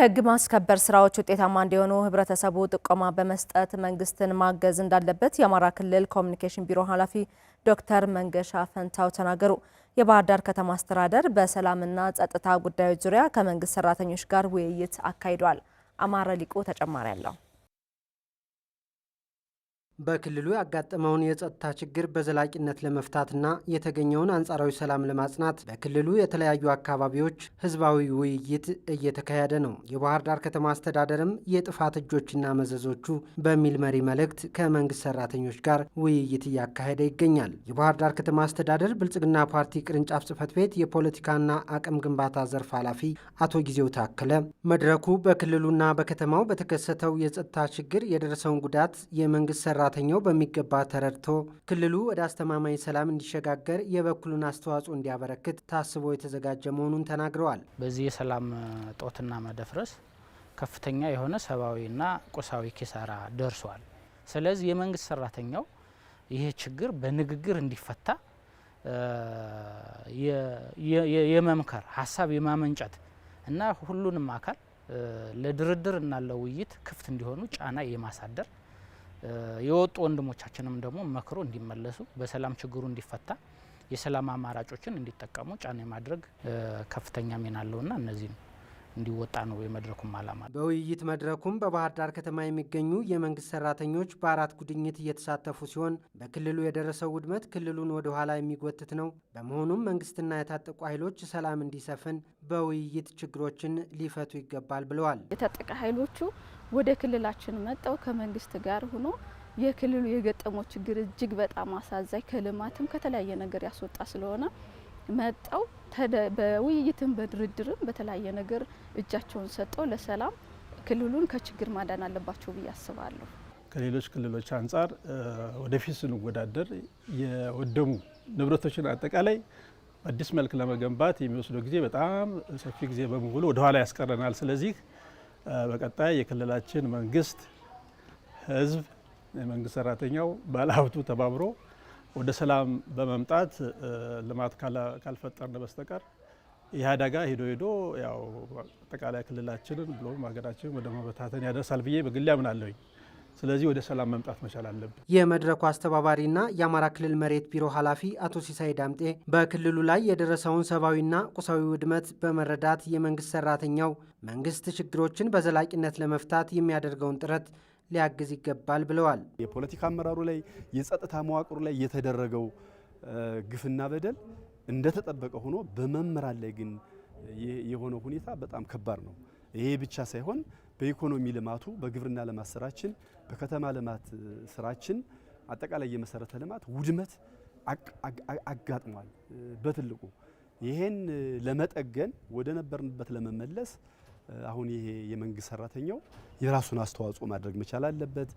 ህግ ማስከበር ስራዎች ውጤታማ እንዲሆኑ ህብረተሰቡ ጥቆማ በመስጠት መንግስትን ማገዝ እንዳለበት የአማራ ክልል ኮሚኒኬሽን ቢሮ ኃላፊ ዶክተር መንገሻ ፈንታው ተናገሩ። የባህር ዳር ከተማ አስተዳደር በሰላምና ጸጥታ ጉዳዮች ዙሪያ ከመንግስት ሰራተኞች ጋር ውይይት አካሂዷል። አማረ ሊቁ ተጨማሪ አለው። በክልሉ ያጋጠመውን የጸጥታ ችግር በዘላቂነት ለመፍታትና የተገኘውን አንጻራዊ ሰላም ለማጽናት በክልሉ የተለያዩ አካባቢዎች ህዝባዊ ውይይት እየተካሄደ ነው። የባህር ዳር ከተማ አስተዳደርም የጥፋት እጆችና መዘዞቹ በሚል መሪ መልእክት ከመንግስት ሰራተኞች ጋር ውይይት እያካሄደ ይገኛል። የባህር ዳር ከተማ አስተዳደር ብልጽግና ፓርቲ ቅርንጫፍ ጽህፈት ቤት የፖለቲካና አቅም ግንባታ ዘርፍ ኃላፊ አቶ ጊዜው ታከለ መድረኩ በክልሉና በከተማው በተከሰተው የጸጥታ ችግር የደረሰውን ጉዳት የመንግስት ሰራ ሰራተኛው በሚገባ ተረድቶ ክልሉ ወደ አስተማማኝ ሰላም እንዲሸጋገር የበኩሉን አስተዋጽኦ እንዲያበረክት ታስቦ የተዘጋጀ መሆኑን ተናግረዋል። በዚህ የሰላም ጦትና መደፍረስ ከፍተኛ የሆነ ሰብአዊና ቁሳዊ ኪሳራ ደርሷል። ስለዚህ የመንግስት ሰራተኛው ይሄ ችግር በንግግር እንዲፈታ የመምከር ሀሳብ የማመንጨት እና ሁሉንም አካል ለድርድር እና ለውይይት ክፍት እንዲሆኑ ጫና የማሳደር የወጡ ወንድሞቻችንም ደግሞ መክሮ እንዲመለሱ በሰላም ችግሩ እንዲፈታ የሰላም አማራጮችን እንዲጠቀሙ ጫና የማድረግ ከፍተኛ ሚና አለውና እነዚህም እንዲወጣ ነው የመድረኩም አላማ። በውይይት መድረኩም በባህር ዳር ከተማ የሚገኙ የመንግስት ሰራተኞች በአራት ጉድኝት እየተሳተፉ ሲሆን በክልሉ የደረሰው ውድመት ክልሉን ወደ ኋላ የሚጎትት ነው። በመሆኑም መንግስትና የታጠቁ ኃይሎች ሰላም እንዲሰፍን በውይይት ችግሮችን ሊፈቱ ይገባል ብለዋል። የታጠቀ ኃይሎቹ ወደ ክልላችን መጠው ከመንግስት ጋር ሆኖ የክልሉ የገጠመው ችግር እጅግ በጣም አሳዛኝ ከልማትም ከተለያየ ነገር ያስወጣ ስለሆነ መጠው በውይይትም በድርድርም በተለያየ ነገር እጃቸውን ሰጠው ለሰላም ክልሉን ከችግር ማዳን አለባቸው ብዬ አስባለሁ። ከሌሎች ክልሎች አንጻር ወደፊት ስንወዳደር የወደሙ ንብረቶችን አጠቃላይ አዲስ መልክ ለመገንባት የሚወስደው ጊዜ በጣም ሰፊ ጊዜ በመሆኑ ወደኋላ ያስቀረናል። ስለዚህ በቀጣይ የክልላችን መንግስት፣ ህዝብ፣ የመንግስት ሰራተኛው፣ ባለሀብቱ ተባብሮ ወደ ሰላም በመምጣት ልማት ካልፈጠርን በስተቀር ይህ አደጋ ሄዶ ሄዶ ያው አጠቃላይ ክልላችንን ብሎም ሀገራችንን ወደ መበታተን ያደርሳል ብዬ በግሌ አምናለሁኝ። ስለዚህ ወደ ሰላም መምጣት መቻል አለብን። የመድረኩ አስተባባሪና የአማራ ክልል መሬት ቢሮ ኃላፊ አቶ ሲሳይ ዳምጤ በክልሉ ላይ የደረሰውን ሰብአዊና ቁሳዊ ውድመት በመረዳት የመንግስት ሰራተኛው መንግስት ችግሮችን በዘላቂነት ለመፍታት የሚያደርገውን ጥረት ሊያግዝ ይገባል ብለዋል። የፖለቲካ አመራሩ ላይ፣ የጸጥታ መዋቅሩ ላይ የተደረገው ግፍና በደል እንደተጠበቀ ሆኖ በመምህራን ላይ ግን የሆነው ሁኔታ በጣም ከባድ ነው። ይሄ ብቻ ሳይሆን በኢኮኖሚ ልማቱ፣ በግብርና ልማት ስራችን፣ በከተማ ልማት ስራችን አጠቃላይ የመሰረተ ልማት ውድመት አጋጥሟል በትልቁ። ይሄን ለመጠገን ወደ ነበርንበት ለመመለስ አሁን ይሄ የመንግስት ሰራተኛው የራሱን አስተዋጽኦ ማድረግ መቻል አለበት።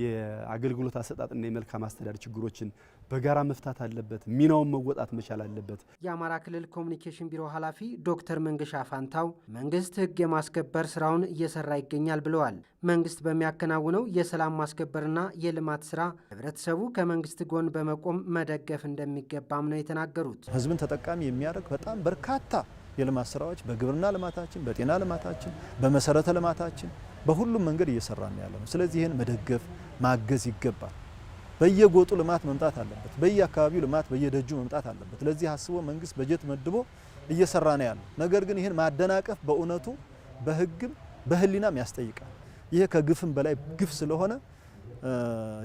የአገልግሎት አሰጣጥና የመልካም አስተዳደር ችግሮችን በጋራ መፍታት አለበት። ሚናውን መወጣት መቻል አለበት። የአማራ ክልል ኮሚኒኬሽን ቢሮ ኃላፊ ዶክተር መንገሻ ፋንታው መንግስት ህግ የማስከበር ስራውን እየሰራ ይገኛል ብለዋል። መንግስት በሚያከናውነው የሰላም ማስከበርና የልማት ስራ ህብረተሰቡ ከመንግስት ጎን በመቆም መደገፍ እንደሚገባም ነው የተናገሩት። ህዝብን ተጠቃሚ የሚያደርግ በጣም በርካታ የልማት ስራዎች በግብርና ልማታችን፣ በጤና ልማታችን፣ በመሰረተ ልማታችን በሁሉም መንገድ እየሰራን ያለ ነው። ስለዚህ ይህን መደገፍ ማገዝ ይገባል። በየጎጡ ልማት መምጣት አለበት። በየአካባቢው ልማት በየደጁ መምጣት አለበት። ለዚህ አስቦ መንግስት በጀት መድቦ እየሰራ ነው ያለው። ነገር ግን ይህን ማደናቀፍ በእውነቱ በህግም በህሊናም ያስጠይቃል። ይሄ ከግፍም በላይ ግፍ ስለሆነ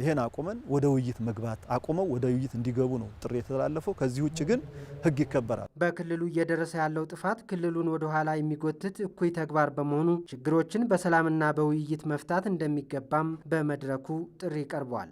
ይሄን አቁመን ወደ ውይይት መግባት አቁመው ወደ ውይይት እንዲገቡ ነው ጥሪ የተላለፈው። ከዚህ ውጭ ግን ህግ ይከበራል። በክልሉ እየደረሰ ያለው ጥፋት ክልሉን ወደ ኋላ የሚጎትት እኩይ ተግባር በመሆኑ ችግሮችን በሰላምና በውይይት መፍታት እንደሚገባም በመድረኩ ጥሪ ቀርቧል።